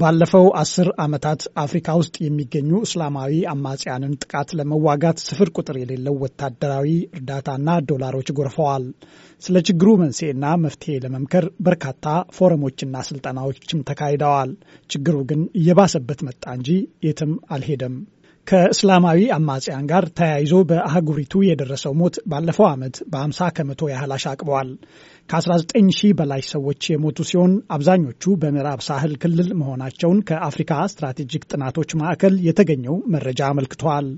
ባለፈው አስር ዓመታት አፍሪካ ውስጥ የሚገኙ እስላማዊ አማጽያንን ጥቃት ለመዋጋት ስፍር ቁጥር የሌለው ወታደራዊ እርዳታና ዶላሮች ጎርፈዋል። ስለ ችግሩ መንስኤና መፍትሄ ለመምከር በርካታ ፎረሞችና ስልጠናዎችም ተካሂደዋል። ችግሩ ግን እየባሰበት መጣ እንጂ የትም አልሄደም። ከእስላማዊ አማጽያን ጋር ተያይዞ በአህጉሪቱ የደረሰው ሞት ባለፈው ዓመት በ50 ከመቶ ያህል አሻቅበዋል። ከ19 ሺህ በላይ ሰዎች የሞቱ ሲሆን አብዛኞቹ በምዕራብ ሳህል ክልል መሆናቸውን ከአፍሪካ ስትራቴጂክ ጥናቶች ማዕከል የተገኘው መረጃ አመልክቷል።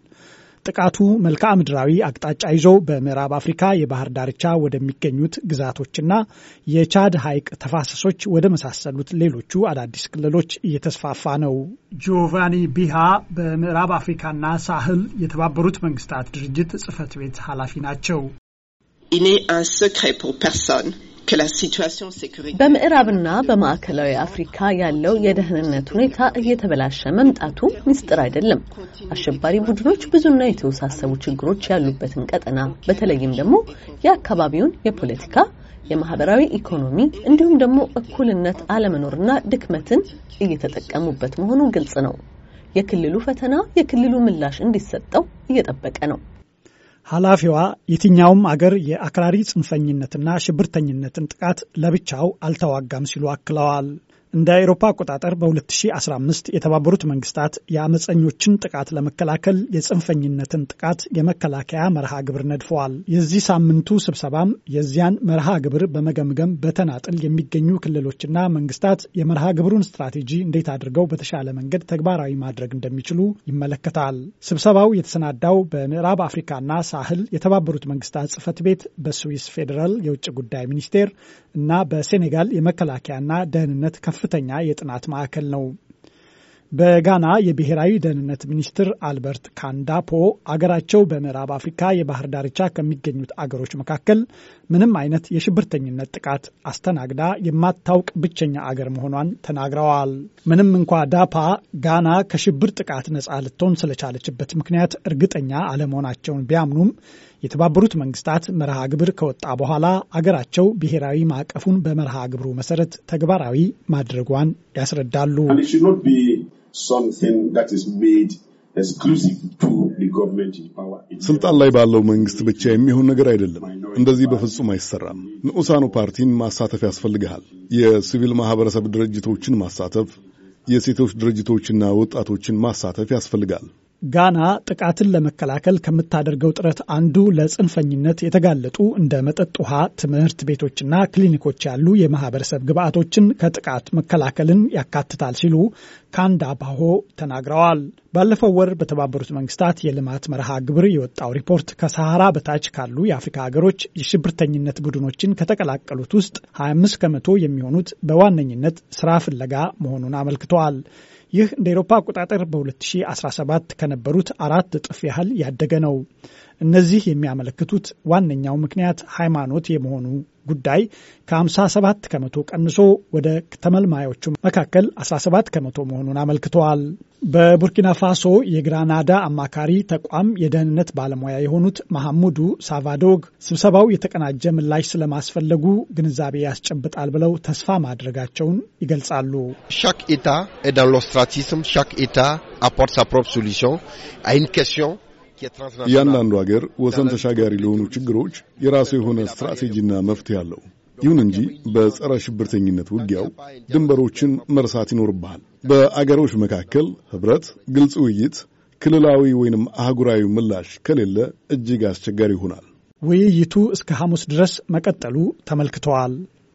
ጥቃቱ መልክዓ ምድራዊ አቅጣጫ ይዞ በምዕራብ አፍሪካ የባህር ዳርቻ ወደሚገኙት ግዛቶችና የቻድ ሐይቅ ተፋሰሶች ወደ መሳሰሉት ሌሎቹ አዳዲስ ክልሎች እየተስፋፋ ነው። ጆቫኒ ቢሃ በምዕራብ አፍሪካና ሳህል የተባበሩት መንግስታት ድርጅት ጽህፈት ቤት ኃላፊ ናቸው። Il n'est un secret pour personne በምዕራብና በማዕከላዊ አፍሪካ ያለው የደህንነት ሁኔታ እየተበላሸ መምጣቱ ሚስጥር አይደለም። አሸባሪ ቡድኖች ብዙና የተወሳሰቡ ችግሮች ያሉበትን ቀጠና በተለይም ደግሞ የአካባቢውን የፖለቲካ የማህበራዊ ኢኮኖሚ እንዲሁም ደግሞ እኩልነት አለመኖርና ድክመትን እየተጠቀሙበት መሆኑ ግልጽ ነው። የክልሉ ፈተና የክልሉ ምላሽ እንዲሰጠው እየጠበቀ ነው። ኃላፊዋ የትኛውም አገር የአክራሪ ጽንፈኝነትና ሽብርተኝነትን ጥቃት ለብቻው አልተዋጋም ሲሉ አክለዋል። እንደ አውሮፓ አቆጣጠር በ2015 የተባበሩት መንግስታት የአመፀኞችን ጥቃት ለመከላከል የጽንፈኝነትን ጥቃት የመከላከያ መርሃ ግብር ነድፈዋል። የዚህ ሳምንቱ ስብሰባም የዚያን መርሃ ግብር በመገምገም በተናጥል የሚገኙ ክልሎችና መንግስታት የመርሃ ግብሩን ስትራቴጂ እንዴት አድርገው በተሻለ መንገድ ተግባራዊ ማድረግ እንደሚችሉ ይመለከታል። ስብሰባው የተሰናዳው በምዕራብ አፍሪካና ሳህል የተባበሩት መንግስታት ጽህፈት ቤት በስዊስ ፌዴራል የውጭ ጉዳይ ሚኒስቴር እና በሴኔጋል የመከላከያና ደህንነት ከፍ ከፍተኛ የጥናት ማዕከል ነው። በጋና የብሔራዊ ደህንነት ሚኒስትር አልበርት ካንዳፖ አገራቸው በምዕራብ አፍሪካ የባህር ዳርቻ ከሚገኙት አገሮች መካከል ምንም አይነት የሽብርተኝነት ጥቃት አስተናግዳ የማታውቅ ብቸኛ አገር መሆኗን ተናግረዋል። ምንም እንኳ ዳፓ ጋና ከሽብር ጥቃት ነጻ ልትሆን ስለቻለችበት ምክንያት እርግጠኛ አለመሆናቸውን ቢያምኑም የተባበሩት መንግስታት መርሃ ግብር ከወጣ በኋላ አገራቸው ብሔራዊ ማዕቀፉን በመርሃ ግብሩ መሰረት ተግባራዊ ማድረጓን ያስረዳሉ። something that is made ስልጣን ላይ ባለው መንግስት ብቻ የሚሆን ነገር አይደለም። እንደዚህ በፍጹም አይሰራም። ንዑሳኑ ፓርቲን ማሳተፍ ያስፈልግሃል። የሲቪል ማህበረሰብ ድርጅቶችን ማሳተፍ፣ የሴቶች ድርጅቶችና ወጣቶችን ማሳተፍ ያስፈልጋል። ጋና ጥቃትን ለመከላከል ከምታደርገው ጥረት አንዱ ለጽንፈኝነት የተጋለጡ እንደ መጠጥ ውሃ፣ ትምህርት ቤቶችና ክሊኒኮች ያሉ የማህበረሰብ ግብዓቶችን ከጥቃት መከላከልን ያካትታል ሲሉ ካንዳ ባሆ ተናግረዋል። ባለፈው ወር በተባበሩት መንግስታት የልማት መርሃ ግብር የወጣው ሪፖርት ከሰሃራ በታች ካሉ የአፍሪካ ሀገሮች የሽብርተኝነት ቡድኖችን ከተቀላቀሉት ውስጥ 25 ከመቶ የሚሆኑት በዋነኝነት ስራ ፍለጋ መሆኑን አመልክተዋል። ይህ እንደ ኤሮፓ አቆጣጠር በ2017 ከነበሩት አራት እጥፍ ያህል ያደገ ነው። እነዚህ የሚያመለክቱት ዋነኛው ምክንያት ሃይማኖት የመሆኑ ጉዳይ ከ57 ከመቶ ቀንሶ ወደ ተመልማዮቹ መካከል 17 ከመቶ መሆኑን አመልክተዋል። በቡርኪና ፋሶ የግራናዳ አማካሪ ተቋም የደህንነት ባለሙያ የሆኑት መሐሙዱ ሳቫዶግ ስብሰባው የተቀናጀ ምላሽ ስለማስፈለጉ ግንዛቤ ያስጨብጣል ብለው ተስፋ ማድረጋቸውን ይገልጻሉ። ሻክ ሻክ አፖርት ሳ ፕሮፕ ሶሉሽን አይን ኬስዮን እያንዳንዱ ሀገር ወሰን ተሻጋሪ ለሆኑ ችግሮች የራሱ የሆነ ስትራቴጂና መፍትሄ አለው። ይሁን እንጂ በጸረ ሽብርተኝነት ውጊያው ድንበሮችን መርሳት ይኖርብሃል። በአገሮች መካከል ኅብረት፣ ግልጽ ውይይት፣ ክልላዊ ወይንም አህጉራዊ ምላሽ ከሌለ እጅግ አስቸጋሪ ይሆናል። ውይይቱ እስከ ሐሙስ ድረስ መቀጠሉ ተመልክተዋል።